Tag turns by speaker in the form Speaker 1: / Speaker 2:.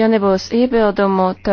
Speaker 1: Ja nebūs iebildumu, tad.